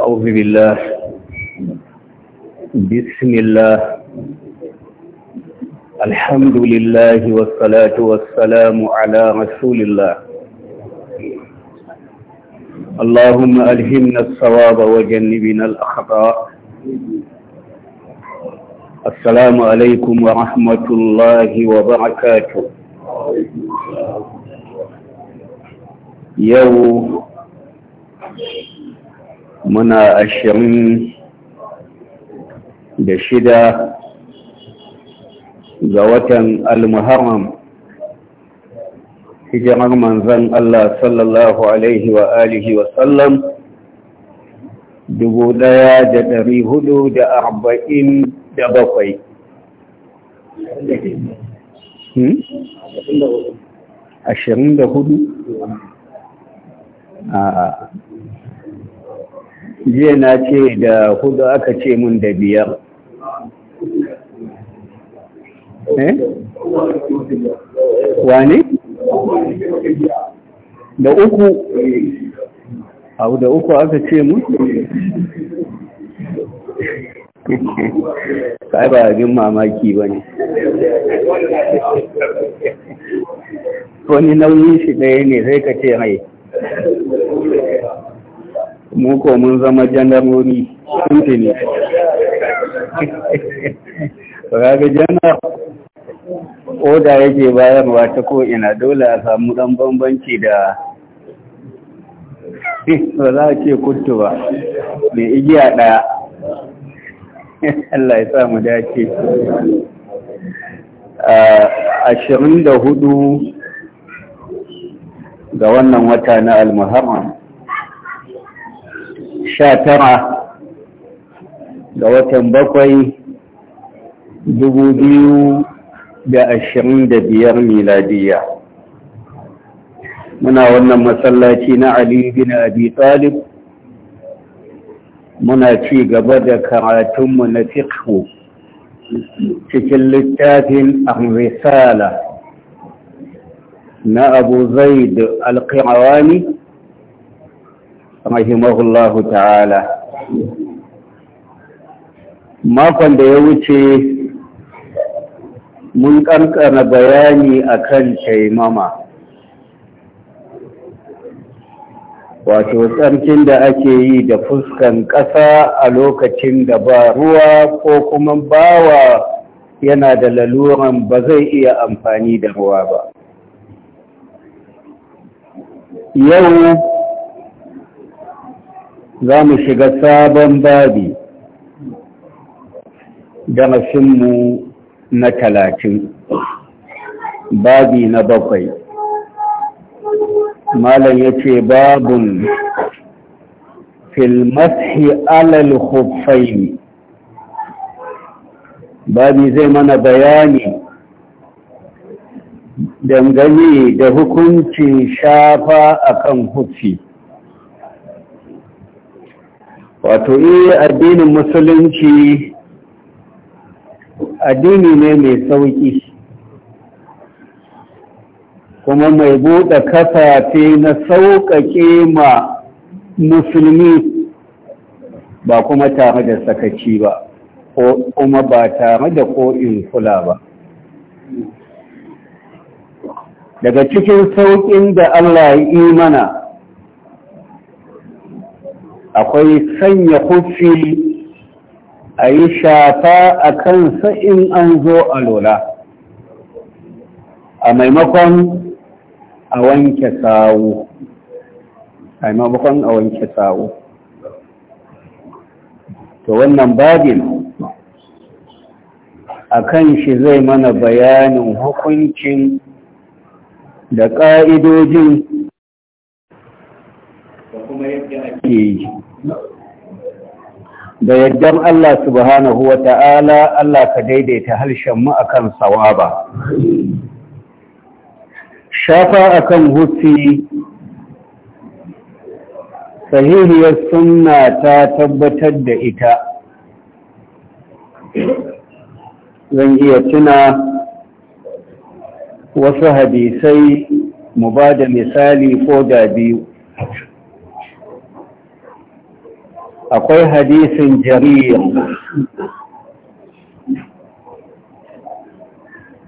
أعوذ بالله بسم الله الحمد لله والصلاة والسلام على رسول الله اللهم ألهمنا الصواب وجنبنا الأخطاء السلام عليكم ورحمة الله وبركاته yau muna ashirin da shida ga watan almuharram hijirar manzan Allah sallallahu Alaihi wa alihi sallam dubu daya da dari hudu da arba'in da bakwai hmm? ashirin da hudu jiya na ce da hudu aka ce mun da biyar eh wani da uku abu da uku aka ce mun kai ba abin mamaki ba ne wani nauyin shi ɗaya ne sai ka ce mai mu ko mun zama jandarmomi tuntuni ga jana oda yake bayarwa ta ko'ina dole a samu ɗan bambanci da ba za a ce kuttu ba mai igiya ɗaya Allah ya samu dace ashirin da hudu ga wannan wata na almuharram sha tara ga watan bakwai dubu biyu da ashirin da biyar miladiya muna wannan masallaci na ali bin abi talib muna ci gaba da karatunmu na fiqhu cikin littafin ar-risala na abu zaid alƙi'awani rahimahullahu ta'ala makon da ya wuce mun ƙanƙana bayani akan taimama wato tsarkin da ake yi da fuskan ƙasa a lokacin da ba ruwa ko kuma bawa yana da laluran ba zai iya amfani da ruwa ba yau za mu shiga sabon babi da mashinmu na talatin babi na bakwai malam ya ce babun filmashi alal hufaini babi zai mana bayani dangane da hukuncin shafa akan hufi wato iya eh, addinin musulunci addini ne mai sauƙi kuma mai buɗe kafafe na sauƙaƙe ma musulmi ba kuma tare da sakaci ba kuma ba tare da ko'in kula ba daga cikin sauƙin da Allah ya yi mana akwai sanya kufi a yi shafa a kansa in an zo a lola a maimakon a wanke sawu a maimakon a wanke sawu to wannan babin a kan shi zai mana bayanin hukuncin da ƙa'idoji da kuma yadda ake yi da yaddan Allah subhanahu wa ta'ala Allah ka daidaita mu a kan sawaba. Shafa a kan hufi sahihiyar suna ta tabbatar da ita. Zan iya tuna wasu hadisai mu ba da misali ko da biyu akwai hadisin jariya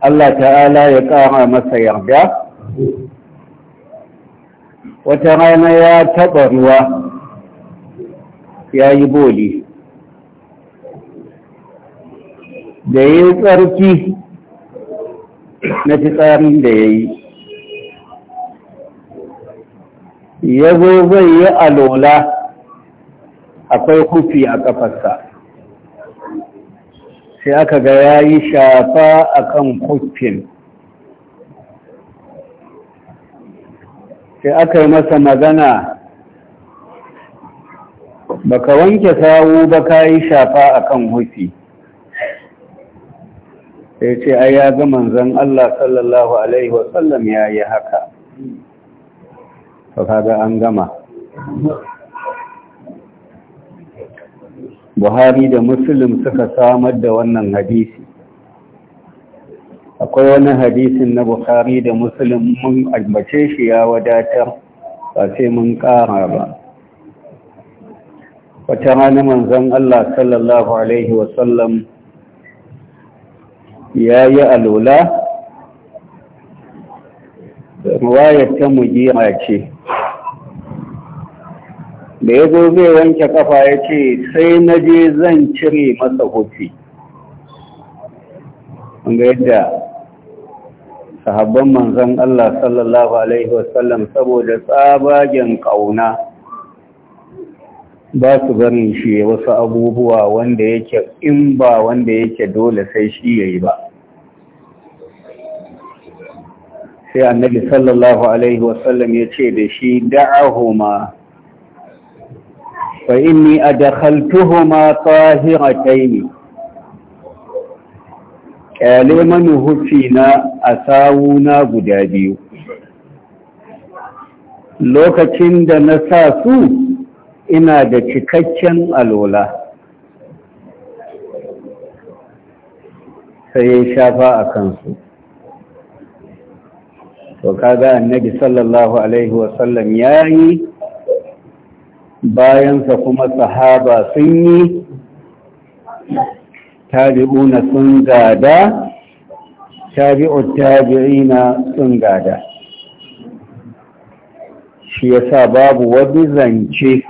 Allah ta'ala ya kama masa yarda wata rana ya taɓa ruwa ya yi boli da yi tsarki na fitsarin da ya yi ya zo zai yi alola akwai kufi a kafarsa sai aka ga ya yi shafa a kan kufin sai aka yi masa magana baka wanke sawu ba ka yi shafa a kan hufi. sai ce ai ya ga manzon Allah sallallahu alaihi wasallam yayi haka to kaga an gama Buhari da Muslim suka samar da wannan hadisi akwai wani hadisin na Bukhari da Muslim mun albace shi ya wadatar ba sai mun ƙara ba wata ranar manzon Allah sallallahu alaihi sallam ya yi alola ruwayar ta mujira ce da ya zo zai wanke kafa ya ce sai na je zan cire masa hufi ga yadda sahabban manzan Allah sallallahu Alaihi wasallam saboda tsabagen ƙauna ba su barin shi wasu abubuwa wanda yake in ba wanda yake dole sai shi ya yi ba sai annabi sallallahu alaihi wasallam ya ce da shi da'ahuma fa inni adakhaltuhuma ne. Ƙyale mani hufi na a na guda biyu lokacin da na sa su ina da cikakken alola sai ya shafa a kansu to kaga annabi sallallahu alaihi wasallam ya yi bayansa kuma sahaba sun yi tabi'una sun gada tabi'u tabi'ina sun gada shi yasa babu wani zance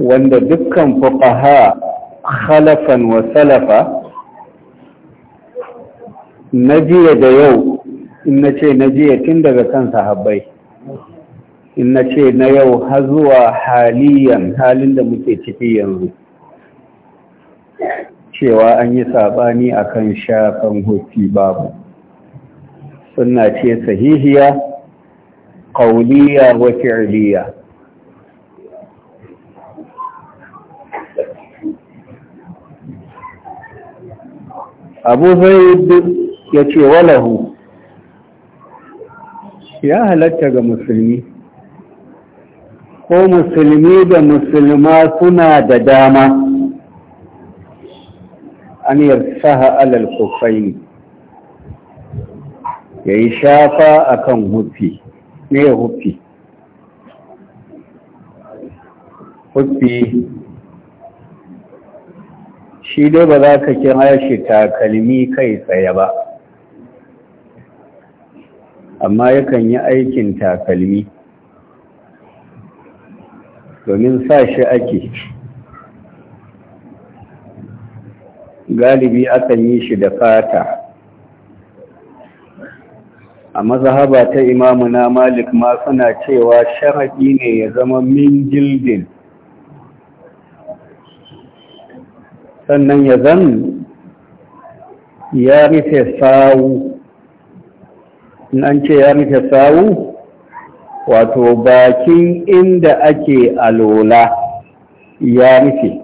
wanda dukkan fuqaha khalafan wa salafa najiya jiya da yau in na ce na tun daga kan sahabbai in na ce na yau har zuwa haliyan halin da muke ciki yanzu cewa an yi sabani akan shafan hoti babu suna ce sahihiya ƙauliya wa fi'liya abu zai ya ce walahu ya halatta ga musulmi ko musulmi da musulma suna da dama an saha alal kufaini ya yi shafa akan hufi ne hufi hufi shi dai ba za ka kira shi takalmi kai tsaye ba amma yakan yi aikin takalmi domin sa shi ake galibi akan yi shi da fata a mazhaba ta imamu na malik ma suna cewa sharaɗi ne ya zama min jildin sannan ya zan ya rufe sawu in an ce ya rufe sawu wato bakin inda ake alola ya rufe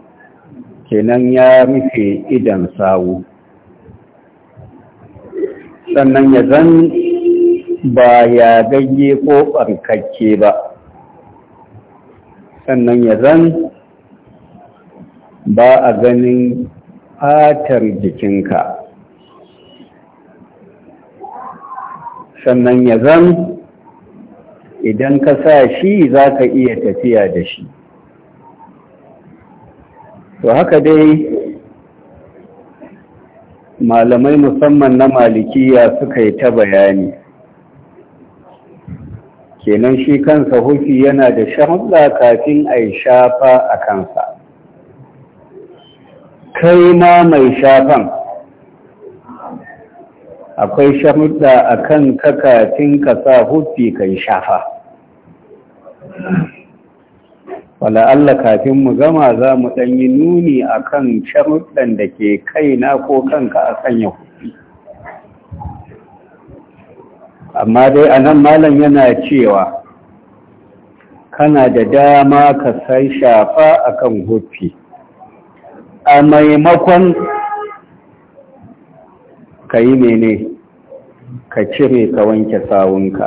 kenan ya rufe idan sawu sannan ya zan ba ya ganye ko ɓarkakke ba sannan ya zan ba a ganin fatar jikinka sannan ya zan idan ka sa shi za ka iya tafiya da shi to haka dai malamai musamman na malikiya suka yi ta bayani kenan shi kansa hufi yana da shahulla kafin a yi shafa a kansa kai ma mai shafan akwai shamuɗa a kan kakacin ka sa hufi kai shafa wala Allah kafin mu gama za mu ɗanyi nuni akan kan da ke kaina ko kanka a sanya amma dai a nan malam yana cewa kana da dama ka sai shafa akan huffi a maimakon ka yi mene ka cire ka wanke sawunka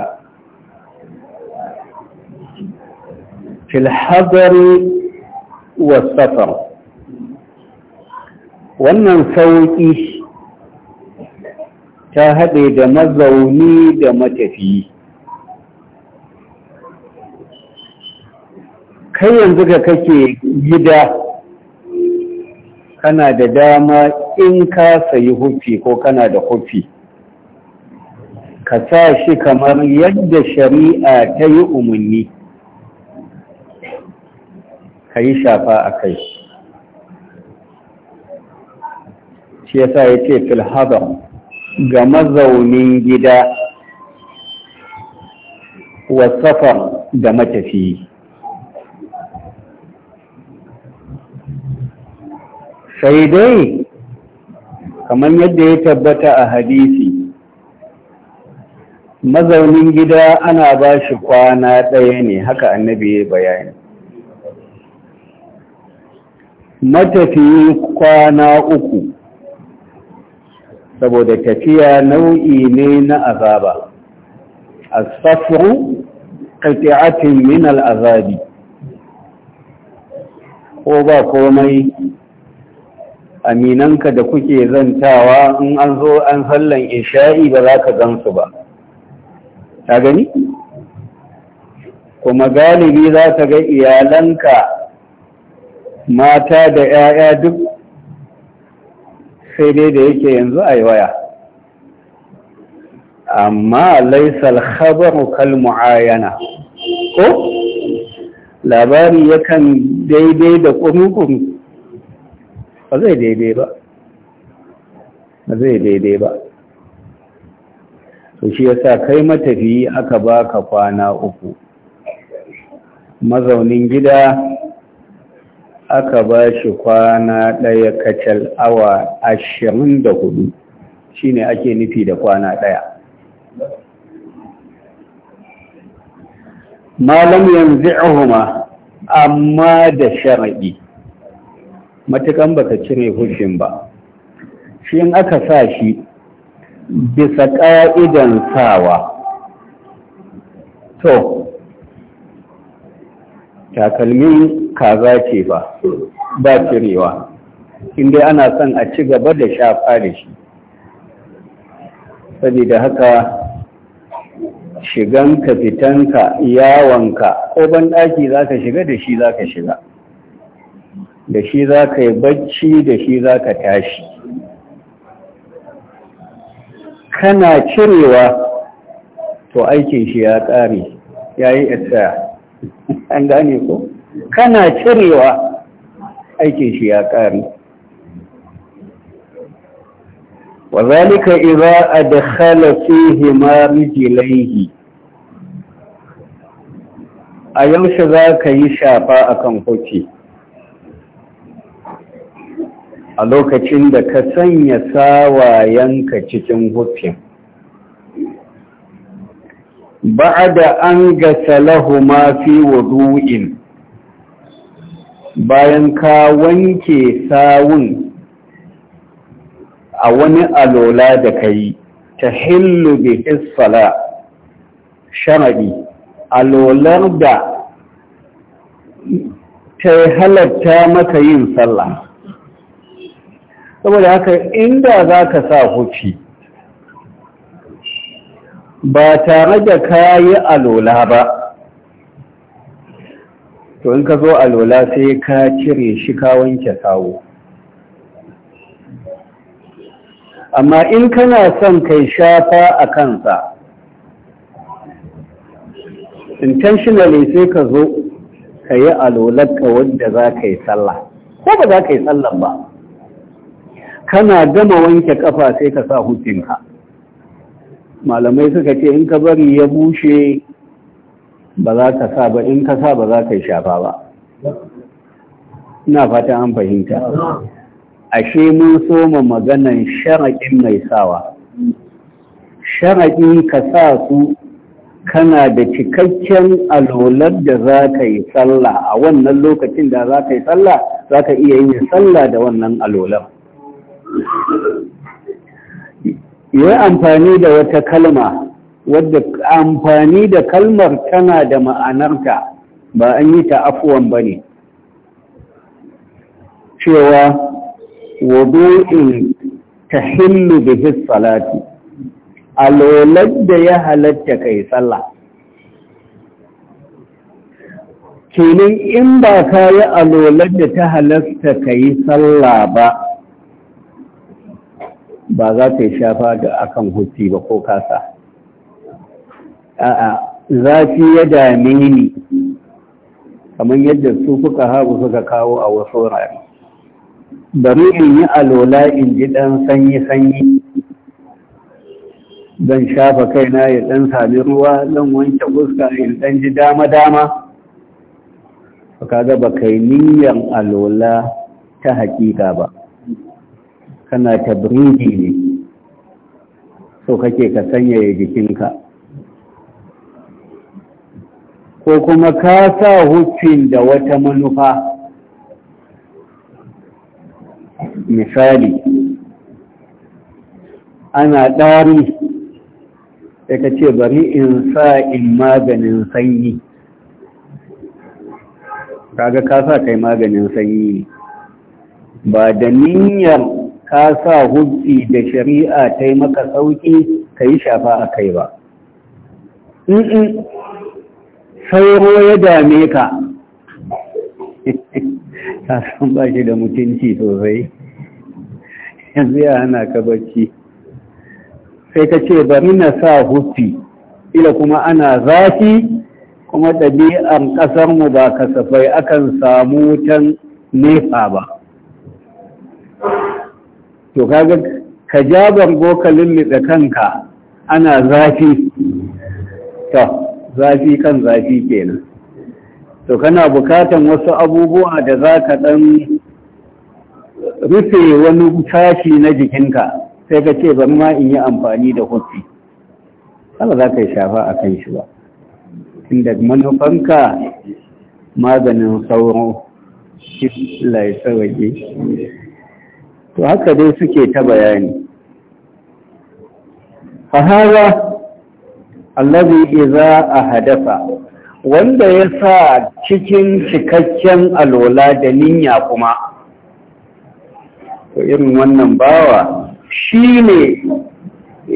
filhazari wasafar wannan sauƙi ta haɗe da mazauni da matafiyi kai yanzu ga kake gida kana da dama in ka sayi hufi ko kana da hufi ka sa shi kamar yadda shari'a ta yi umarni ka yi shafa a kai shi sa ya ce filhabar ga mazaunin gida wasafar da matafiyi sai dai kamar yadda ya tabbata a hadisi mazaunin gida ana ba shi kwana ɗaya ne haka annabi ya bayani matafiyi kwana uku saboda tafiya nau'i ne na azaba asafru qati'atin min al'azabi ko ba komai aminanka da kuke zantawa in an zo an sallan isha'i ba za ka gansu ba ta gani? kuma galibi za ka ga iyalanka mata da 'ya'ya duk sai dai da yake yanzu a waya amma laisal khabaru kal mu'ayana ko labari yakan daidai da kurukun ba zai daidai ba ba zai daidai ba to shi yasa kai matafiyi aka baka kwana uku mazaunin gida aka bashi kwana ɗaya kacal awa ashirin da hudu shi ake nufi da kwana ɗaya malam yanzu ahuma, amma da sharaɗi matukan baka cire hushin ba shi in aka sa shi bisa ƙa'idan sawa to takalmin kaza ce ba ba cirewa inda ana son a ci gaba da shafa da shi saboda haka shiganka fitanka yawonka ko ban ɗaki za ka shiga da shi za ka shiga da shi za ka yi bacci da shi za ka tashi kana cirewa to aikin shi ya ƙare ya yi isa an gane ko kana cirewa aikin shi ya ƙare jilaihi A yaushe za ka yi shafa يشافى kan حكي a lokacin da ka sanya sawayenka cikin hufin da an gasa lahuma fi wudu'in bayan ka wanke sawun a wani alola da ka yi ta hillu bi isfala sharaɗi alolar da ta halatta maka yin sallah saboda haka inda za ka sa huci ba tare da kayi alola ba to in ka zo alola sai ka cire shi ka wanke sawo amma in kana son kai shafa a kansa intentionally sai ka zo ka yi alolarka wadda za ka yi sallah ko ba za ka yi sallah ba kana gama wanke kafa sai ka sa hutunka. malamai suka ce in ka bari ya bushe ba za ka sa ba in ka sa ba za ka yi shafa ba ina fata an fahimta ashe mun soma maganan sharaƙin mai sawa sharaƙi ka sa su kana da cikakken alolar da za ka yi sallah a wannan lokacin da za ka yi sallah za ka iya yin sallah da wannan alolar yi amfani da wata kalma wadda amfani da kalmar tana da ma'anarta ba an yi ta afuwan ba ne cewa wadu'in ta hillu da hissalati alolar da ya halatta kai sallah kenan in ba ka yi alolar da ta halatta kai sallah ba ba za ta yi shafa da akan hutu ba ko kasa a'a zafi ya dame ni kamar yadda su kuka hagu suka kawo a wasu wurare bari in yi alola in ji ɗan sanyi-sanyi zan shafa kaina ya ɗan sami ruwa zan wanke fuska in ɗan ji dama-dama kaga ba kai niyyar alola ta haƙiƙa ba kana tabridi ne so kake ka sanyaya jikinka ko kuma ka sa hufin da wata manufa misali ana ɗari sai ka ce bari in sa in maganin sanyi kaga ka sa kai maganin sanyi ne ba da niyyar ka sa hujji da shari'a ta yi maka sauƙi ka yi shafa a kai ba in sauro ya dame ka ta san ba shi da mutunci sosai yanzu ya hana ka bacci sai ka ce bari na sa hujji, ila kuma ana zafi kuma ɗabi'ar ƙasarmu ba kasafai akan samu wutan nefa ba to kaga ka ja bango ka lullube kanka ana zafi to zafi kan zafi kenan to kana bukatan wasu abubuwa da za ka ɗan rufe wani tashi na jikinka sai ka ce ban ma in yi amfani da hutu ala za ka yi shafa a kan shi ba inda manufanka maganin sauro shi lai waje to haka dai suke ta bayani fahaza allazi iza a wanda ya sa cikin cikakken alola da ninya kuma to irin wannan bawa shi ne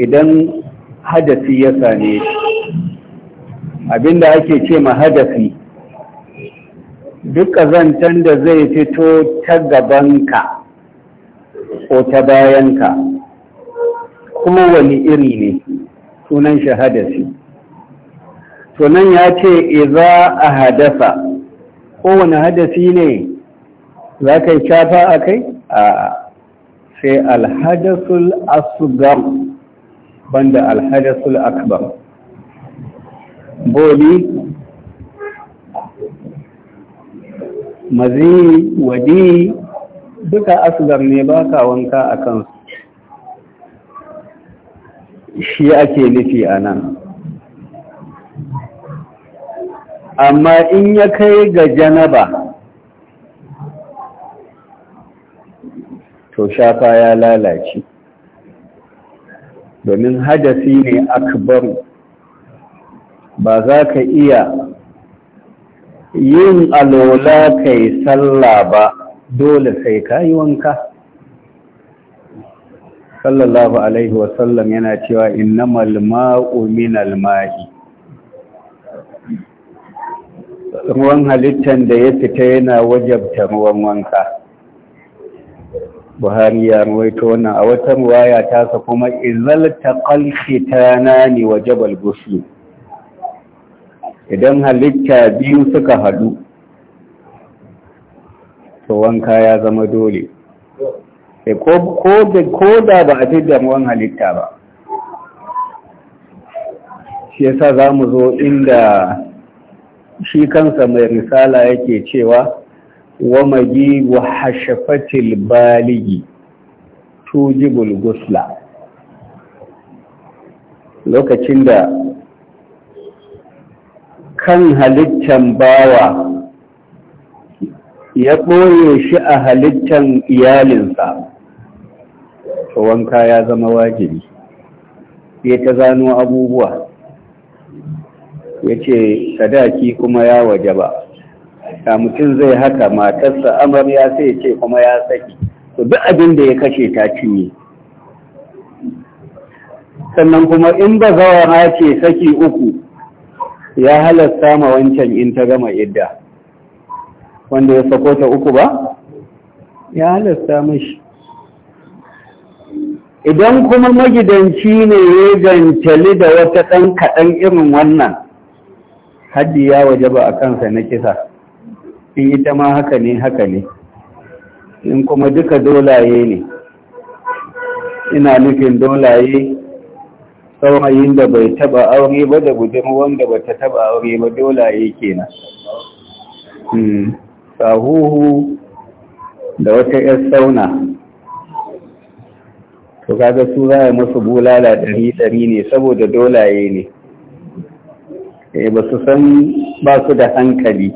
idan hadasi ya same shi abinda ake ce ma hadasi duk zantan da zai fito ta gabanka ko ta ka? kuma wani iri ne sunan shahadasi sunan ya ce iza a hadasa kowane hadasi ne za ka yi shafa a kai a sai alhadasul asugar banda alhadasul akbar boli mazi wadi duka asgar ne ba ka wanka a kansu shi ake nufi a nan amma in ya kai ga janaba to shafa ya lalace domin hadasi ne akbar ba za ka iya yin alola kai sallah ba dole sai ka yi wanka sallallahu alaihi wasallam yana cewa innamal ma'u minal ma'i ruwan halittar da ya fita yana wajabta ruwan wanka buhari ya ruwaito wannan a wata ruwaya sa kuma izal taqal ni wajabal ghusl idan halitta biyu suka haɗu. to wanka ya zama dole eh, ko da ba a fidda wan halitta ba shi yasa za mu zo inda shi kansa mai risala yake cewa wa magi wa hashafatil baligi tujibul gusla lokacin da kan halittan bawa ya ɓoye shi a halittar iyalinsa wanka ya zama wajibi ya ta zano abubuwa ya ce sadaki kuma ya waje ba ta mutum zai haka matarsa ya sai ce kuma ya saki to duk abin da ya kashe ta cinye sannan kuma in ba zawa ce saki uku ya halasta ma wancan in ta gama idda wanda ya sako ta uku ba ya halasta mashi idan kuma magidanci ne ya gantali da wata ɗan kaɗan irin wannan haddi ya waje ba a kansa na kisa in ita ma haka ne haka ne in kuma duka dolaye ne ina nufin dolaye saurayin da bai taba aure ba da gudun wanda ba ta taba aure ba dolaye kenan hmm. sahuhu da wata ‘yar sauna to kaga su za a masu bulala ɗari-ɗari ne saboda dolaye ne e ba su san ba su da hankali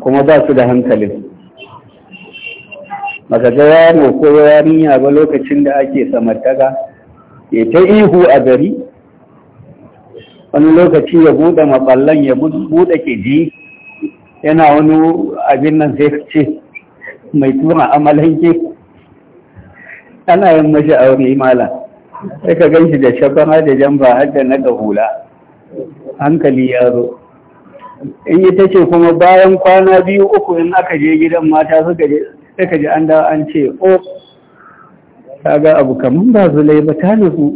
kuma ba su da hankalin maka ga yaro ko yarinya ba lokacin da ake samartaka ke ta ihu a gari wani lokaci ya buɗe maɓallan ya buɗe keji yana wani abin nan sai ce mai tura amalanke ana yin mashi aure mala sai ka gan da shafara da jamba har da ga hula hankali ya zo in yi ta ce kuma bayan kwana biyu uku in aka je gidan mata suka je sai ka ji an da an ce o oh, ta ga abu kamar ba su ba ta nufu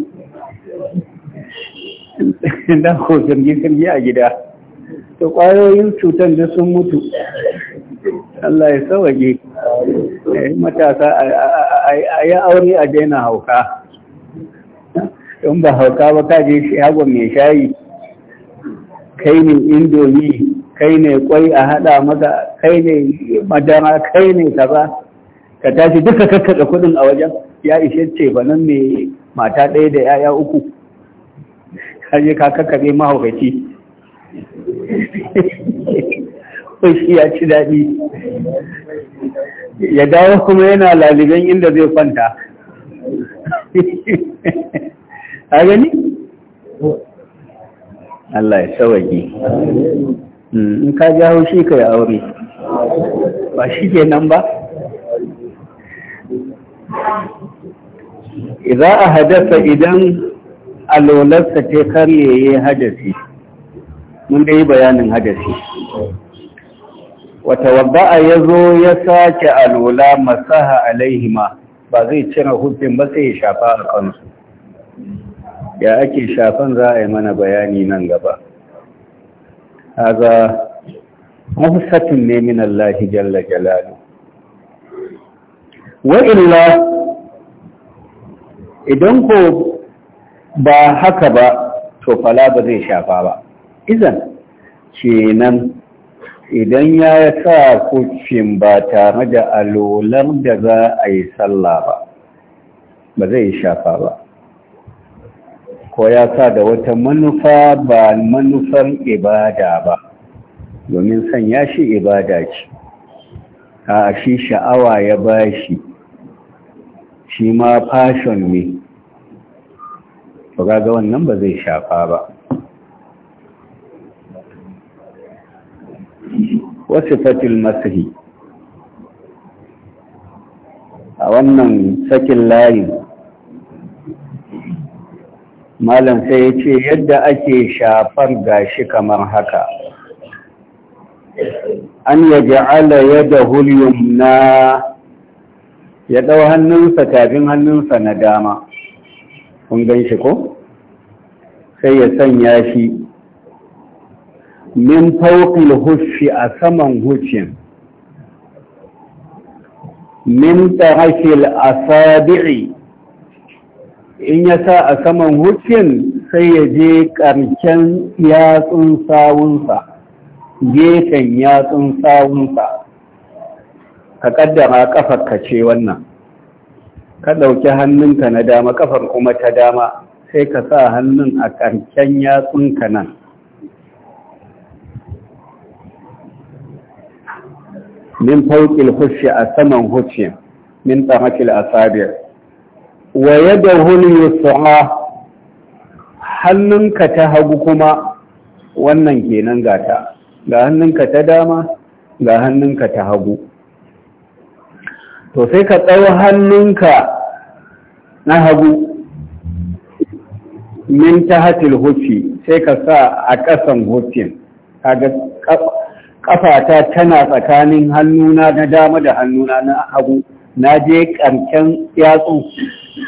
da ko zirgin a gida to kwayoyin cutar da sun mutu Allah ya sawage eh, matasa a yi aure a daina hauka in ba hauka ba ka je shagon mai shayi kai ne indomi kai ne kwai a hada maza, kai ne madara kai ne kaza ka tashi duka da kudin a wajen ya ishe ce ba mai mata ɗaya da 'ya'ya uku kaje ka kakkaɓe mahaukaci shi ya ci daɗi ya dawo kuma yana laliban inda zai kwanta a gani? Allah ya tsawage mm, in ka ja haushi ka yi aure ba shi ke nan ba za a hadasa idan alolarsa ta karye ya hadasi mun dai bayanin hadasi wata wadda'a ya zo ya sake alola masaha alaihima ba zai cire hufin ba sai ya shafa a kansu ya ake shafan za a yi mana bayani nan gaba haza mafusatin ne min Allah jalla jalalu wa illa idan ko ba haka ba to fala ba zai shafa ba izan kenan idan ya sa kucin ba tare da alolar da za a yi sallah ba ba zai shafa ba ko ya sa da wata manufa ba manufar ibada ba domin san ya shi ibada ce a shi sha'awa ya bashi shi ma fashon ne ba ga wannan ba zai shafa ba وصفة المسح a wannan sakin layin, malam sai ya ce yadda ake shafar gashi kamar haka an ya ja'ala yadda hulyum na ya ɗau hannunsa tafin hannunsa na dama kun gan shi ko sai ya sanya shi min fauƙil hushi a saman hucin min tarashil asabi'i in ya sa a saman hucin sai ya je ƙarshen yatsun sawunsa gefen yatsun sawunsa ka ƙaddara ƙafar ka ce wannan ka ɗauki hannunka na dama ƙafar kuma ta dama sai ka sa hannun a ƙarshen yatsunka nan min fawqil hushi a saman hushi min tsamakil asabi wa yadda yadahu yusra hannunka ta hagu kuma wannan kenan gata ga hannunka ta dama ga hannunka ta hagu to sai ka tsawo hannunka na hagu min ta hatil hufi sai ka sa a ƙasan hufin ƙafata tana tsakanin hannuna na dama da hannuna na hagu na je ƙarken yatsun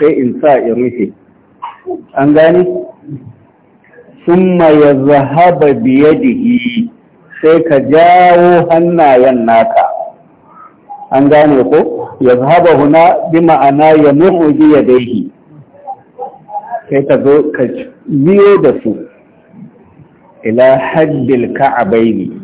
sai in sa in rufe an gani summa ya zahaba biyadihi sai ka jawo hannayen naka an gane ko ya zahaba huna bi ma'ana ya murru biyadihi sai ka zo ka biyo da su ila haddil ka'abaini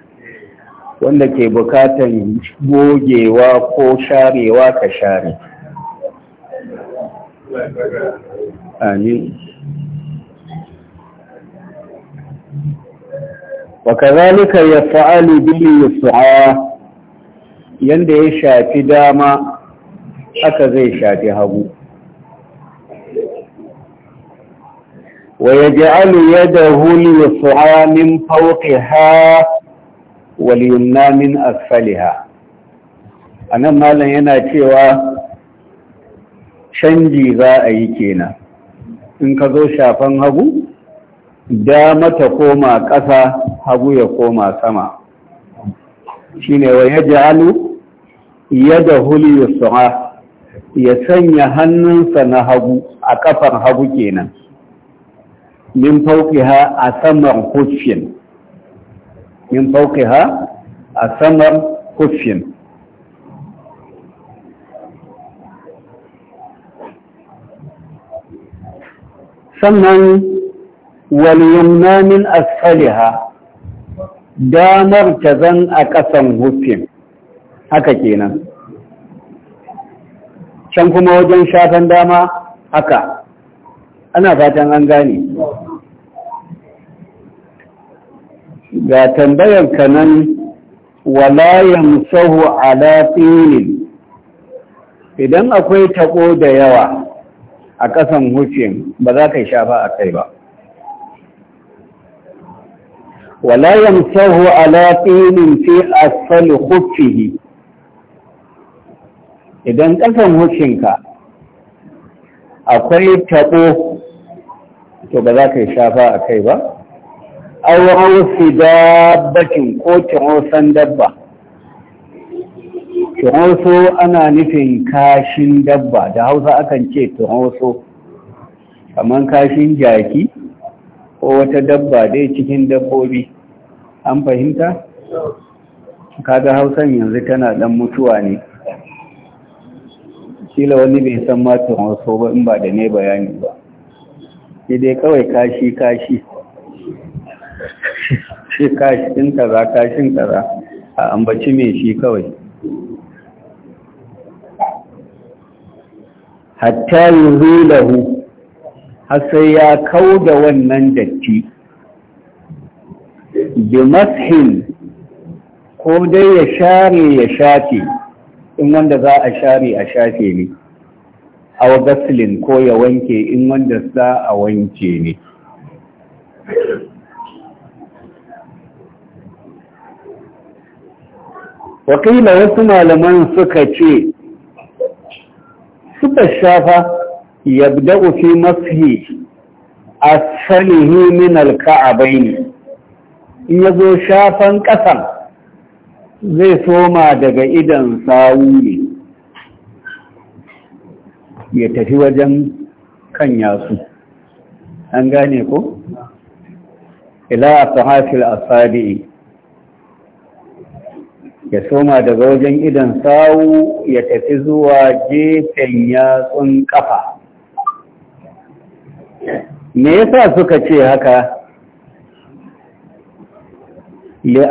wanda ke bukatan gogewa ko sharewa ka share amin وكذلك يفعل باليسعى yanda ya shafi dama aka zai shafi hagu wa ya yadahu liyus'a min ha waliyunna min asfaliha a nan malam yana cewa canji za a yi kenan in ka zo shafan hagu Damata mata koma ƙasa hagu ya koma sama shi ne wa ya ja'alu yadda huliyu su'a ya sanya hannunsa na hagu a ƙafar hagu kenan min ha a saman hufin min fawqiha a saman kuffin sannan waliyamna min asfaliha damar ta zan a ƙasan hufin, haka kenan can kuma wajen shafan dama haka ana fatan an gane ga tambayar kanan wala yamsahu ala tinin idan akwai taɓo da yawa a ƙasan hucin ba za ka yi shafa a kai ba wala yamsahu ala tinin fi asal khuffihi idan ƙasan hucinka akwai taɓo to ba za ka yi shafa a kai ba auren su bakin ko kirosan dabba kiroso ana nufin kashin dabba da hausa akan ce kiroso kamar kashin jaki ko wata dabba dai cikin dabbobi an fahimta? kaga hausan yanzu tana dan mutuwa ne kila wani bai san ma kiroso ba in ba da ne bayani ba shi dai kawai kashi kashi ce kashin kaza kashin kaza a ambaci mai shi kawai hatta yuzulahu har sai ya da wannan datti bi ko dai ya share ya shafe in wanda za a share a shafe ne aw gaslin ko ya wanke in wanda za a wanke ne wakila wasu malaman suka ce suka shafa ya yabda'u fi mafi sanihi min alka'abaini in zo shafan kasan zai soma daga idan sawu ne ya tafi wajen kan yasu an gane ko ila a sahafil asabi'i ya soma daga wajen idan sawu ya tafi zuwa gefen yatsun kafa me yasa suka ce haka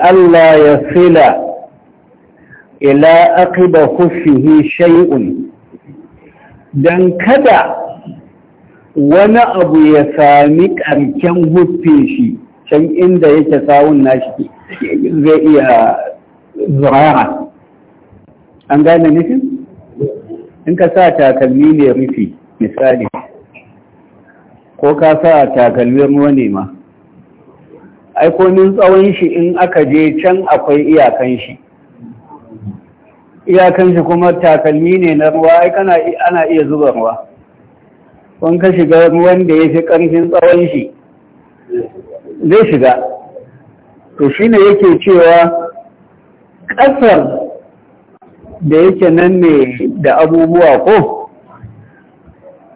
Allah ya sila ila aqiba kufihi shay'un dan kada wani abu ya sami karken huffe shi can inda yake sawun nashi zai iya zurara an gane nufin in ka sa takalmi ne rufi misali ko ka sa takalmin wani ma aikonin tsawon shi in aka je can akwai iyakan shi iyakan shi kuma takalmi ne na ruwa aikana ana iya zuba ruwa kun ka shiga ruwan da ya fi ƙarfin tsawon shi zai shiga to shine yake cewa ƙasar da yake nan ne da abubuwa ko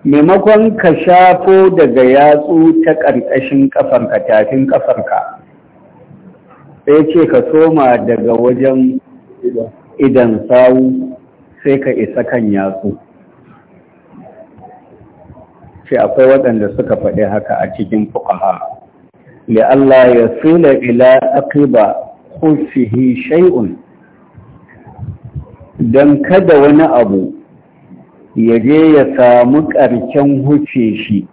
maimakon ka shafo daga yatsu ta ƙarƙashin ƙafarka tafin ƙafarka sai ce ka soma daga wajen idan sawu sai ka isa kan yatsu ce akwai waɗanda suka faɗi haka a cikin fukaha li Allah ya sula ila aqiba khuffihi shay'un don kada wani abu ya je ya samu ƙarshen huce shi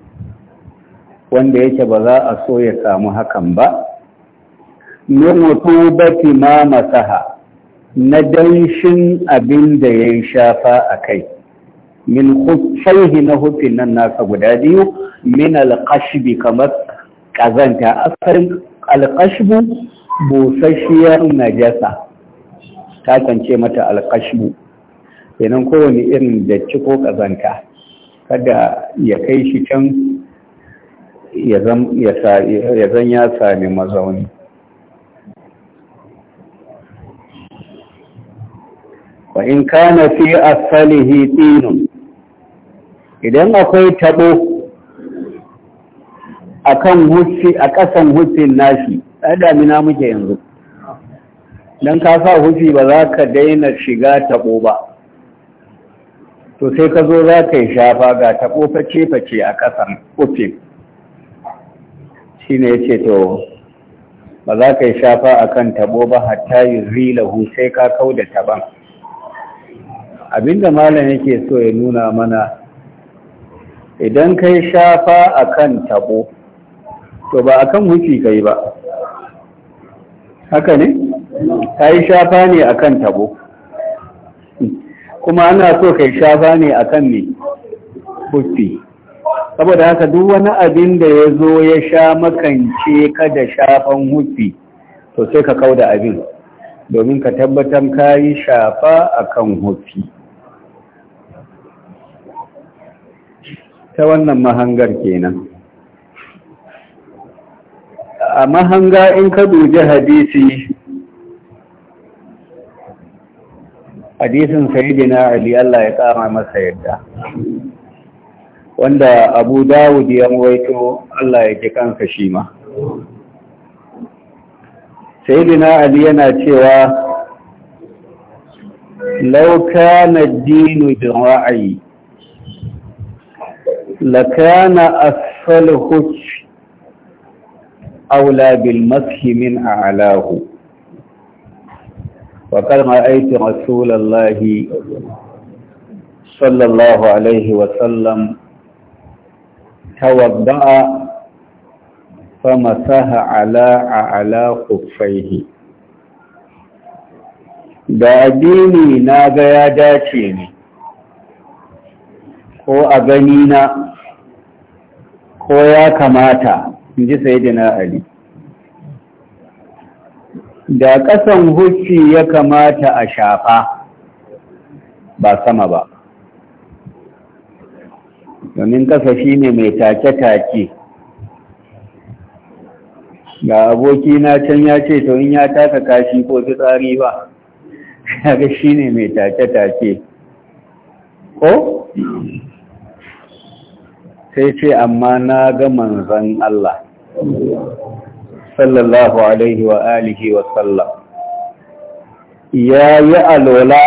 wanda yake ba za a so ya samu hakan ba min bafi ma masaha na danshin abin da ya shafa a kai min hufaihi na hufin nan nasa guda biyu min alƙashibi kamar ƙazanta asalin alƙashibin busasshiyar najasa Ta takance mata alƙashmu kenan kowane irin datti ko ƙazanta kada ya kai shi can ya zan ya sami mazauni wa in kana fi asalihi tinun idan akwai tabo akan hussi a ƙasan hussin nashi ɗaya damina muke yanzu don ka sa hufi ba za ka daina shiga taɓo ba to sai ka zo za ka yi shafa ga taɓo face-face a ƙasan hufi shi ne ce to ba za ka yi shafa a kan taɓo ba hatta yi rilahu sai ka kau da taɓon abinda malam yake so ya nuna mana idan kai shafa a kan taɓo to ba a kan hufi ka yi ba haka ne? ka yi shafa ne a kan tabo kuma ana so ka yi shafa ne a kan ne? kufi saboda haka duk wani abin da ya zo ya sha makance ka da shafan hufi to sai ka kau da abin domin ka tabbatar ka yi shafa a kan hufi ta wannan mahangar kenan a mahanga in ka duje hadisi hadisin sayyidina ali Allah ya kara masa yadda wanda abu dawud ya waito Allah ya ke kansa shi ma sayyidina ali yana cewa lauka na ad-dinu bi ra'yi lakana asfaluhu aula bil mashi min a'lahu وقد رأيت رسول الله صلى الله عليه وسلم توضأ فمسح على على خفيه da addini na ga ya dace ne ko a gani na ko ya kamata in ji sai ali da ƙasan hufi ya kamata a shafa ba sama ba domin ƙasa shi ne mai take-take ga aboki na can ya ce to in ya taka kashi ko fitsari ba ga shi ne mai take-take ko? sai ce amma na ga manzan Allah sallallahu alaihi wa alihi wa sallam ya yi alola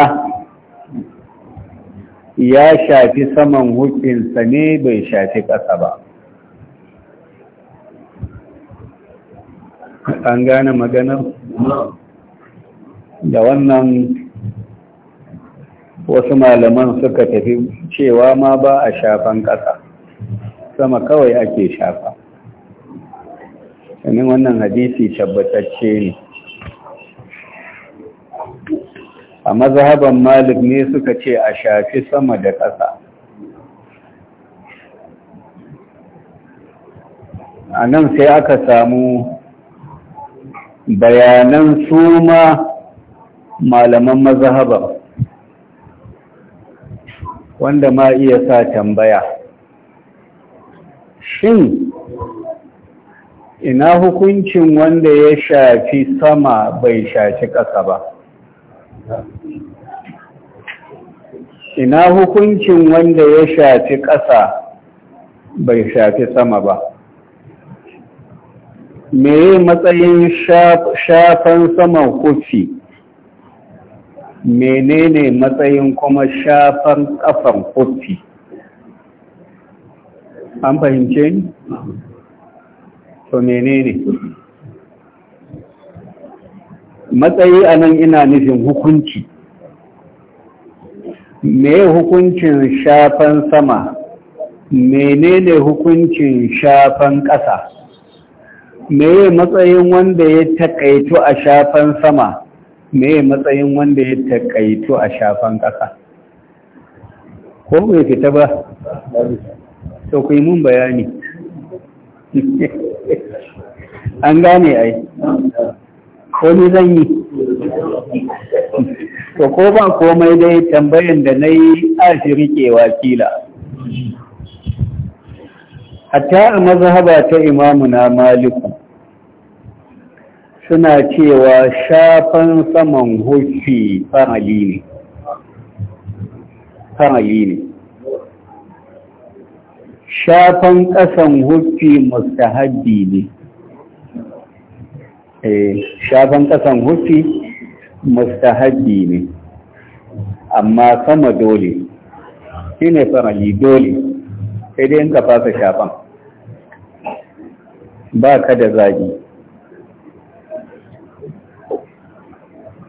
ya shafi saman hukinsa ne bai shafi ƙasa ba an gane maganar da wannan wasu malaman suka tafi cewa ma ba a shafan ƙasa sama kawai ake shafa domin wannan hadisi tabbatacce ne a mazhaban malik ne suka ce a shafi sama da ƙasa a nan sai aka samu bayanan su ma malaman mazhaban wanda ma iya sa tambaya shin ina hukuncin wanda ya shafi sama bai shafi ƙasa ba ina hukuncin wanda ya shafi ƙasa bai shafi sama ba meye matsayin shafan saman kufi menene matsayin kuma shafan ƙafan kufi an fahimce ni? to menene matsayi a nan ina nufin hukunci me hukuncin shafan sama menene hukuncin shafan ƙasa me matsayin wanda ya taƙaito a shafan sama me matsayin wanda ya taƙaito a shafan ƙasa ko bai fita ba to ku mun bayani an gane ai ko ni zan yi to ko ba komai dai tambayan da na yi ashi rikewa kila hatta a mazhaba ta imamuna maliku suna cewa shafan saman hufi farali ne farali ne shafan ƙasan hufi mustahabbi ne Eh, shafan kasan hufi mustahabbi ne amma sama dole shi ne farali dole sai dai in ka fasa shafan ba ka da zagi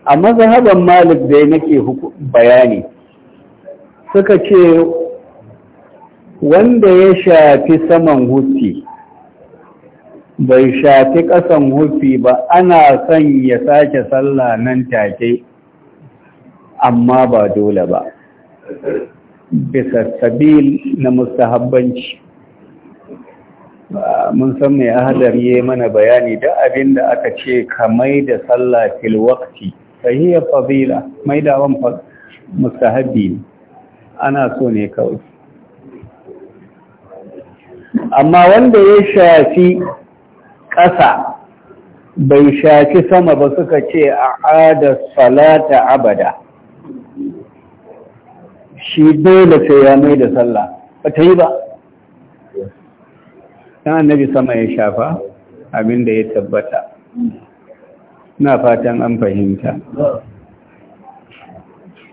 a mazhaban malik dai nake bayani suka ce wanda ya shafi saman hufi bai shafi ƙasan hufi ba ana son ya sake sallah nan take amma ba dole ba bisa sabil na mustahabbanci mun san mai ahadar yi mana bayani da abin da aka ce ka mai da sallah fil waqti ya fabila mai da wan mustahabbi ana so ne kawai amma wanda ya shafi ƙasa bai shafi sama ba suka ce a adar salata abada shi dole sai ya mai da sallah ba ta yi ba ɗan annabi sama ya shafa abinda ya tabbata na fatan an fahimta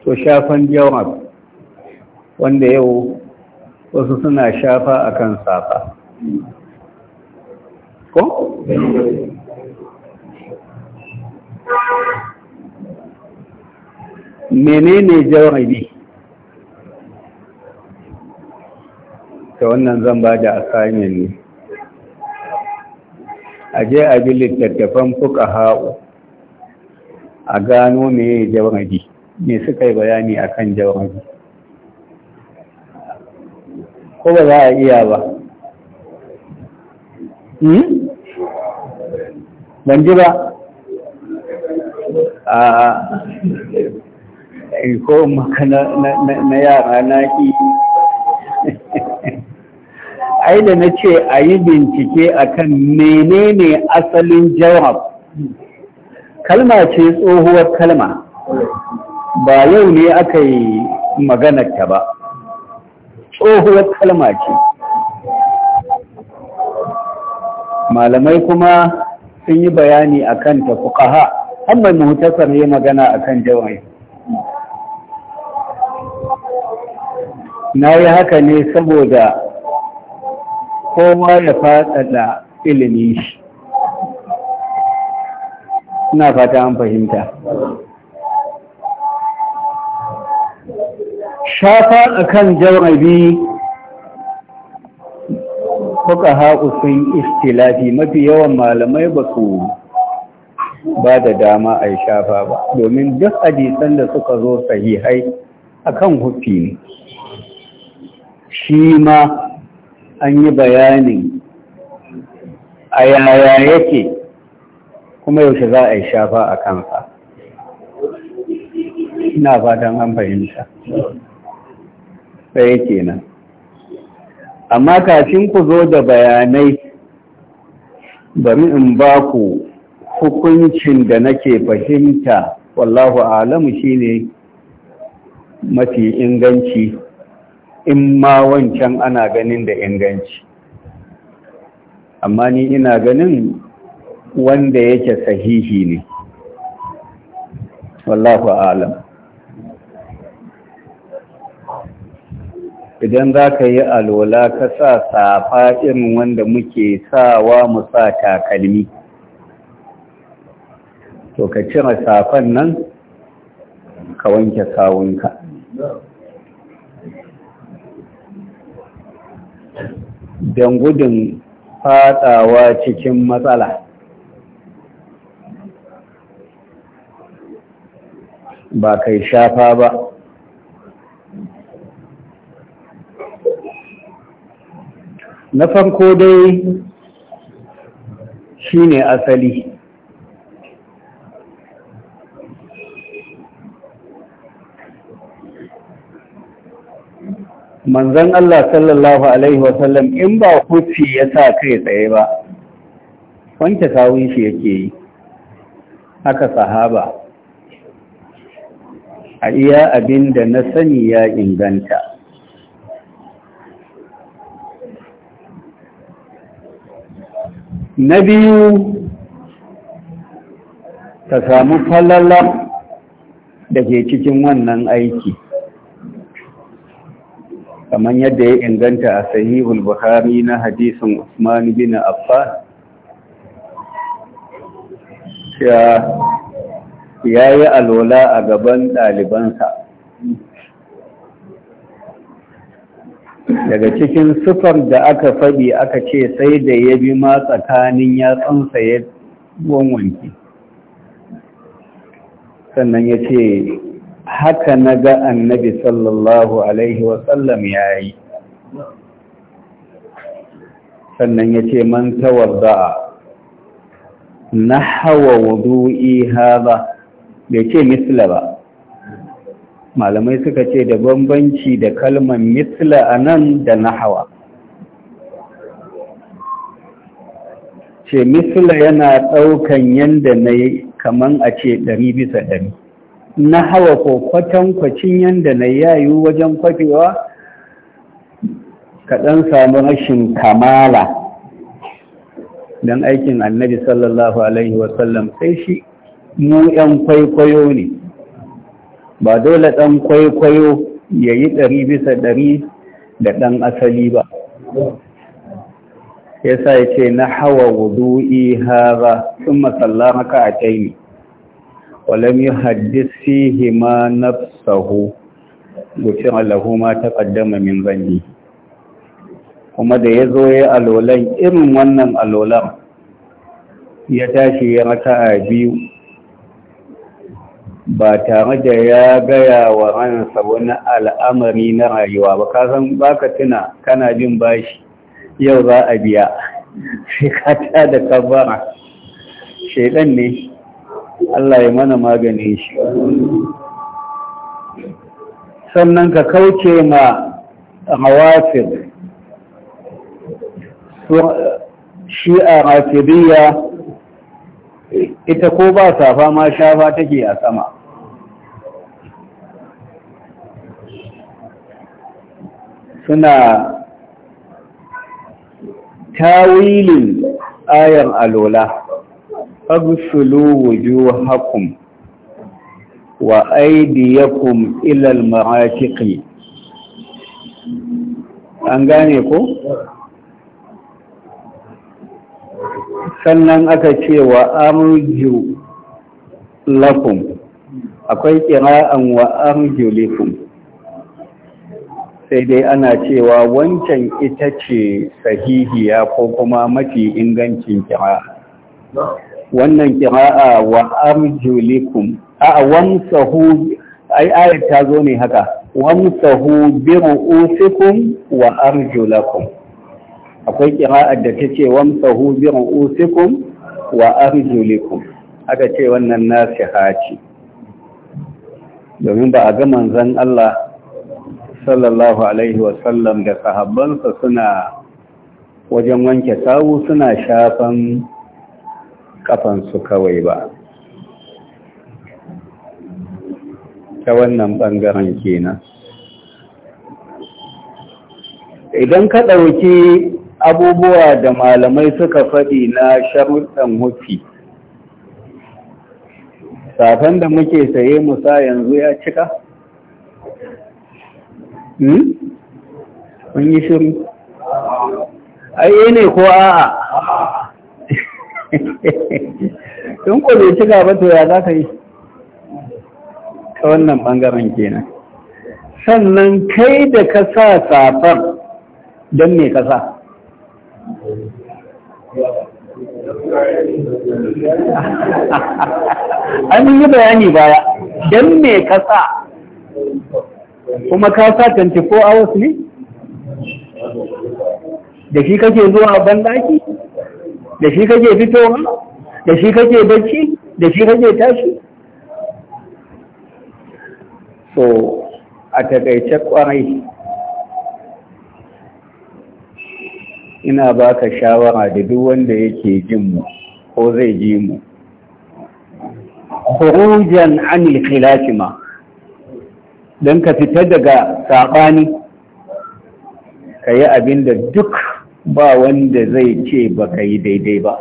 to shafan jawab wanda yau wasu suna shafa akan safa menene jawabi? ta wannan zan ba da assignment ne a je a bi littattafan fuka ha'u a gano me jawabi? me suka yi bayani akan kan ko ba za a iya ba hmm? ban ji ba a eh, ko maka na yara na ki ai da na ce a yi bincike akan menene asalin jawab kalma ce tsohuwar kalma ba yau ne aka yi ta ba tsohuwar kalma ce malamai kuma sun yi bayani a kan fuqaha har mai muhtasar yi magana a kan jawai na yi haka ne saboda kowa ya faɗaɗa ilimin shi ina fata an fahimta shafa a kan jawabi fuka haƙu sun istilafi mafi yawan malamai ba su ba da dama a shafa ba domin duk hadisan da suka zo sahihai akan hufi ne shi ma an yi bayanin a yaya yake kuma yaushe za a yi shafa a kansa ina fatan an fahimta sai kenan amma kafin ku zo da bayanai bari in ba ku hukuncin da nake fahimta wallahu alamu shine mafi inganci in ma wancan ana ganin da inganci amma ni ina ganin wanda yake sahihi ne wallahu alam idan za ka yi alola ka sa safa irin wanda muke sawa mu sa takalmi to ka cire safan nan ka wanke kawunka don gudun fadawa cikin matsala ba kai shafa ba na farko dai shi ne asali manzan Allah sallallahu Alaihi wasallam in ba kuci ya sa kai tsaye ba wanke kawun shi yake yi haka sahaba a iya abin da na sani ya inganta na biyu ka samu falala da ke cikin wannan aiki kamar yadda ya inganta a sahihul buhari na hadisin usman bin Affa ya yi alola a gaban ɗalibansa daga cikin sufar da aka faɗi aka ce sai da ya bi ma tsakanin yatsunsa ya wanwanke sannan ya ce haka na ga annabi sallallahu alaihi wasallam ya yi sannan ya ce man da, na hawa wudu'i haza bai ce misla ba malamai suka ce da bambanci da kalmar misla a nan da nahawa ce misla yana ɗaukan yadda na yi kaman a ce ɗari bisa ɗari nahawa ko kwatankwacin yadda na yayu wajen kwafewa kaɗan samu rashin kamala don aikin annabi sallallahu alaihi wasallam sai shi mu ‘yan kwaikwayo ne’ ba dole ɗan kwaikwayo ya yi ɗari bisa ɗari da ɗan asali ba ya sa ya ce na hawa wudu'i hara sun matsala maka a taini walam yi haddisi hima na sahu gucin allahu ma ta ƙaddama min zanni kuma da ya zo ya alolan irin wannan alolan ya tashi ya raka a biyu ba tare da ya gaya wa ransa wani al'amari na rayuwa ba kasan baka tuna kana jin bashi yau za a biya sai ka ta da kabara shaidan ne Allah ya mana magani shi sannan ka kauce ma hawafir shi a rafiriya ita ko ba safa ma shafa take a sama suna tawilin ayar alola wuju wujuhakum wa aydiyakum ila al-marafiqi an gane ko sannan aka ce wa amurju lakum akwai kira'an wa amurju lakum sai dai ana cewa wancan ita ce sahihiya ko kuma mafi ingancin kira'a wannan kira'a wa arjulikum a wamsahu ai ayat ta zo ne haka wamsahu bi ru'usikum wa arjulakum akwai kira'ar da ta ce wamsahu bi ru'usikum wa arjulikum aka ce wannan nasiha ce domin ba a ga manzon Allah sallallahu alaihi wasallam da sahabbansa suna wajen wanke sawu suna shafan kafansu kawai ba ta wannan ɓangaren kenan idan ka ɗauki abubuwa da malamai suka faɗi na sharuɗan hufi safan da muke saye musa yanzu ya cika kun hmm? yi shiru eh ne ko a'a in ko bai ci gaba to ya za ka yi ta wannan ɓangaren kenan sannan kai da ka sa safar don me ka sa an yi bayani baya don me ka sa kuma ka sa 24 hours ne da shi kake zuwa banɗaki da shi kake fitowa da shi kake bacci da shi kake tashi so a takaice kwarai ina baka shawara da duk wanda yake jin mu ko zai ji mu khurujan anil khilafima don ka fita daga saɓani ka yi abin da duk ba wanda zai ce ba ka yi daidai ba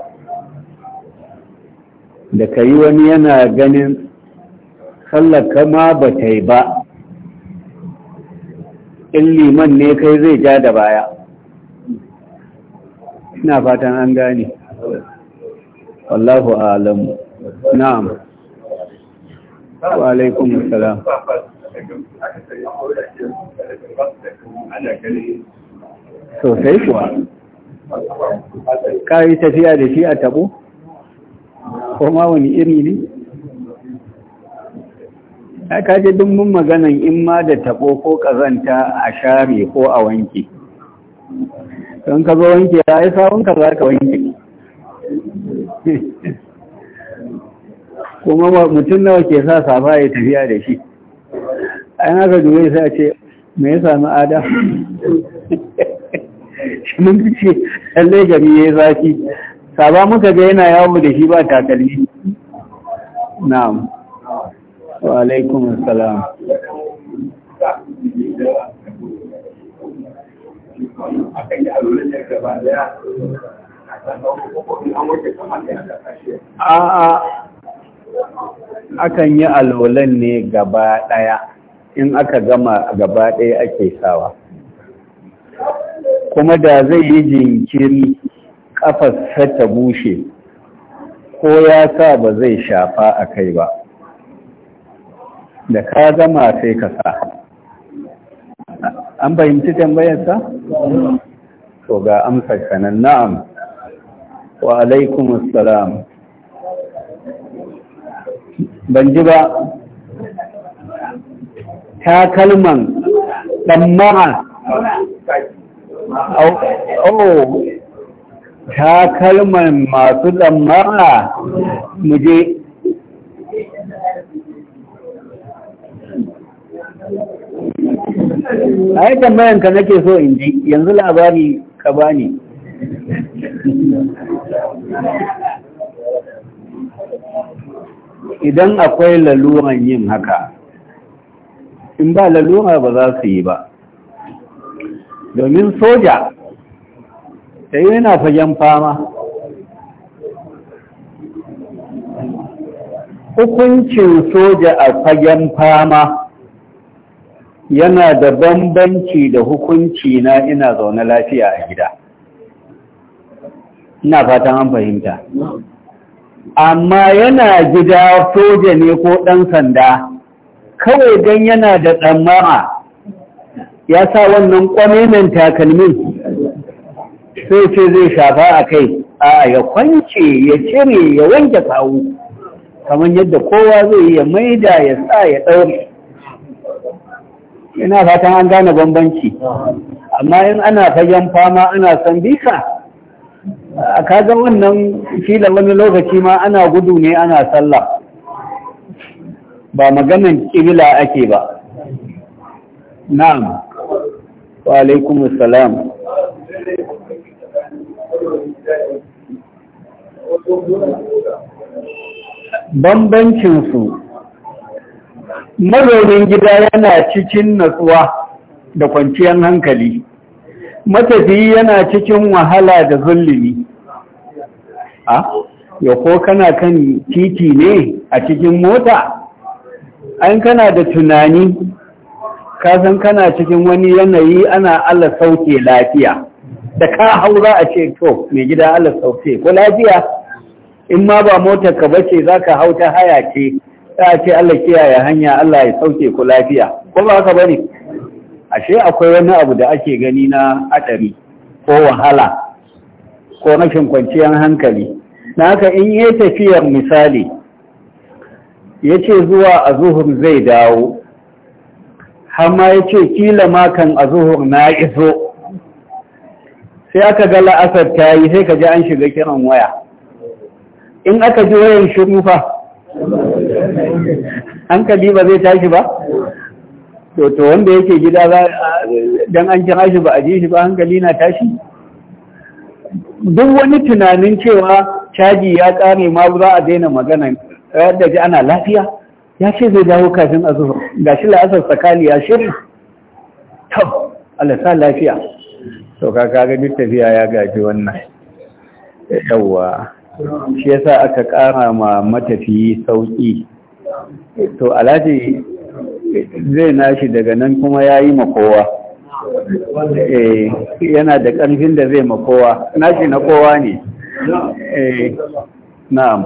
da ka yi wani yana ganin sallaka kama ba ta yi ba in liman ne kai zai ja da baya ina fatan an gane wallahu alamu na'am wa alaikum salam sosai kuwa kayi tafiya da shi a tabo ko ma wani iri ne Ya kaji dumbin maganan in ma da tabo ko kazanta a share ko a wanke don ka zo wanke ya yi sawunka za ka wanke kuma mutum nawa ke sa safa ya tafiya da shi an haka dubai sa ce me ya sami adam shi mun ce lallai gari ya yi zafi saba muka ga yana yawon da shi ba takalmi na'am wa alaikum assalam akan yi alolan ne gaba ɗaya in aka gama gaba ɗaya ake sawa kuma da zai yi jinkiri ƙafa ta bushe ko ya sa ba zai shafa a kai ba da ka gama sai ka sa an fahimci tambayarsa? to ga amsar kanan na'am wa salam. ban ji ba takalman ɗan ma'a takalman masu ɗan muje a yi tambayanka nake so in ji yanzu labari ka bani idan akwai laluran yin haka in ba lalura ba za su yi ba domin soja ta yi yana fagen fama hukuncin soja a fagen fama yana da bambanci da hukunci na ina zaune lafiya a gida ina fatan an fahimta amma yana gida soja ne ko ɗan sanda kawai don yana da tsammama ya sa wannan kwaminan takalmin sai ce zai shafa a kai a ya kwance ya cire ya wanke kawo kamar yadda kowa zai yi ya maida ya sa ya ɗaure ina fatan an gane bambanci amma in ana fagen fama ana san bisa a kajan wannan filan wani lokaci ma ana gudu ne ana sallah ba maganan kibila ake ba na'am wa alaikum assalam bambancinsu mazaunin gida yana cikin natsuwa da kwanciyar hankali matafiyi yana cikin wahala da zulumi a ah, ya ko kana kan titi ne a cikin mota an kana da tunani kasan kana cikin wani yanayi ana Allah sauke lafiya da ka haura a ce to mai gida Allah sauke ko lafiya in ma ba motar ka bace zaka ta haya ce a ce Allah kiyaye hanya Allah ya sauke ku lafiya ko ba haka bane ashe akwai wani abu da ake gani na adari ko wahala ko rashin kwanciyar hankali na haka in yi tafiyar misali ya ce zuwa a zuhur zai dawo Hama ya ce kila makan a zuhur na iso sai aka ga la'asar ta yi sai ka ji an shiga kiran waya in aka ji wayan shiru fa hankali ba zai tashi ba to to wanda yake gida za don an kira shi ba a ji shi ba hankali na tashi duk wani tunanin cewa caji ya kare ma za a daina magana. da ji ana lafiya ya ce zai dawo kafin ga gashi la'asar sakali ya shirya to Allah sa lafiya to kaga ga duk tafiya ya gaji wannan Yawwa shi yasa aka ƙara ma matafi sauƙi to alhaji zai nashi daga nan kuma ya yi makowa eh, yana da ƙarfin da zai makowa nashi na kowa ne eh, na'am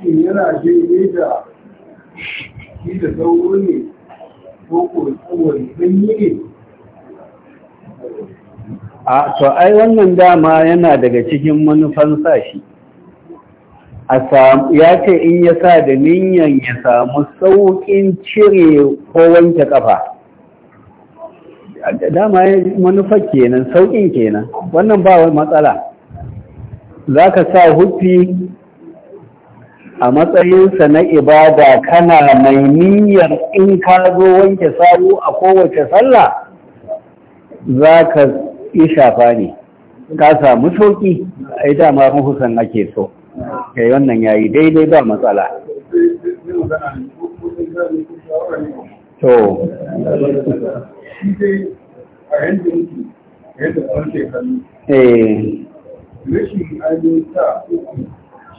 shi yana da shi da sauro ne ko a to ai wannan dama yana daga cikin manufan sa ya ce in ya sa da niyan ya samu sauƙin cire ko wanke ƙafa dama manufa kenan saukin kenan wannan ba matsala za ka sa hufi a matsayinsa na ibada kana mai niyyar in ka zo wanke sabu a kowace sallah za ka yi shafa ne ka samu sauki a yi dama rahusan ake so kai wannan ya yi daidai ba matsala to eh ainihin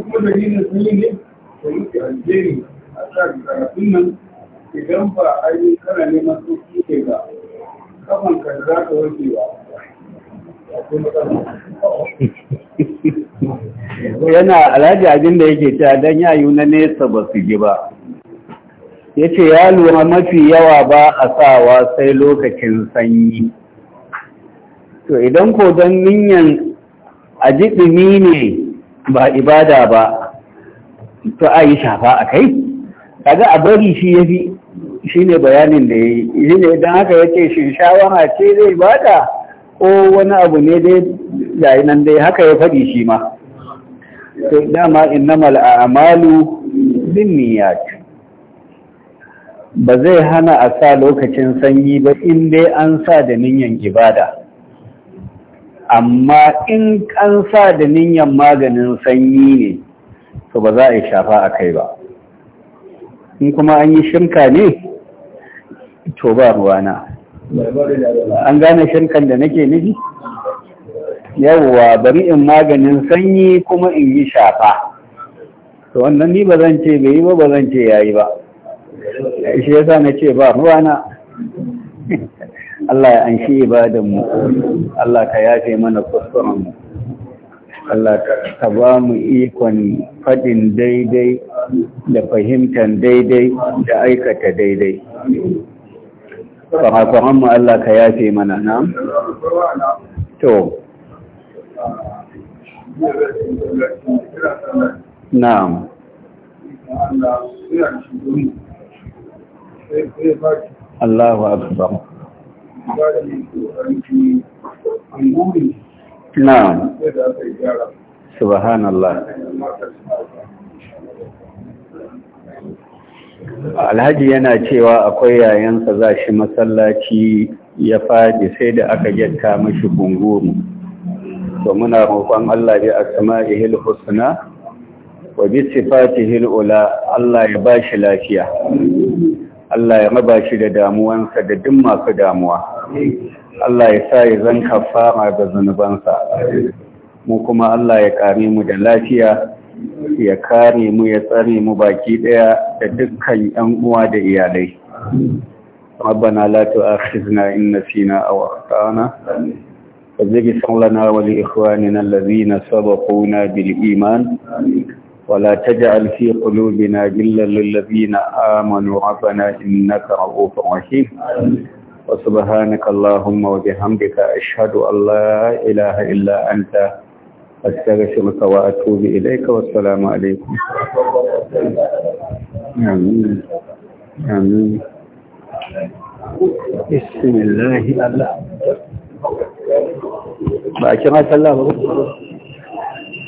kuma da yin sanyi ne da yake aljeri a sa karatun nan idan ba a yi kana neman sauki ne ba kafan ka za ka wanke ba yana alhaji abin da yake cewa dan yayu na nesa ba su ji ba ya ce ya lura mafi yawa ba a sawa sai lokacin sanyi to idan ko don niyan a ji ne ba ibada ba to a yi shafa a kai kaga a bari shi ya fi shi ne bayanin da ya yi shi ne don haka ya ce shi shawara ce zai bada ko wani abu ne dai yayi nan dai haka ya faɗi shi ma to dama innamal a'malu niyyat ba zai hana a sa lokacin sanyi ba in dai an sa da niyyar ibada amma in kan sa da niyan maganin sanyi ne to ba za a shafa a kai ba in kuma an yi shirka ne to ba ruwana an gane shirkan da nake nufi yawwa bari in maganin sanyi kuma in yi shafa to wannan ni ba zan ce bai yi ba ba zan ce yayi ba shi yasa na ce ba ruwana Allah ya anshi ibadanmu Allah ka yafe mana kuskurenmu Allah ka ba mu ikon faɗin daidai da fahimtar daidai da aikata daidai kwakwaranmu Allah ka yafe mana na to na'am Allahu akbar na'am subhanallah alhaji yana cewa akwai yayansa za shi masallaci ya faɗi sai da aka yatta mashi gunguru to muna roƙon Allah ya bi ihil husna wa bi sifatihil ula Allah ya bashi lafiya Allah ya raba shi da damuwansa da duk masu damuwa Allah ya sa ya zan kafara da zunubansa mu kuma Allah ya kare mu da lafiya ya kare mu ya tsare mu baki daya da dukkan yan uwa da iyalai ربنا لا تؤاخذنا إن نسينا أو أخطأنا فاغفر لنا ولإخواننا الذين سبقونا بالإيمان ولا تجعل في قلوبنا جلا للذين آمنوا ربنا إنك رؤوف رحيم وسبحانك اللهم وبحمدك أشهد أن لا إله إلا أنت أستغفرك وأتوب إليك والسلام عليكم آمين آمين بسم الله الله ما الله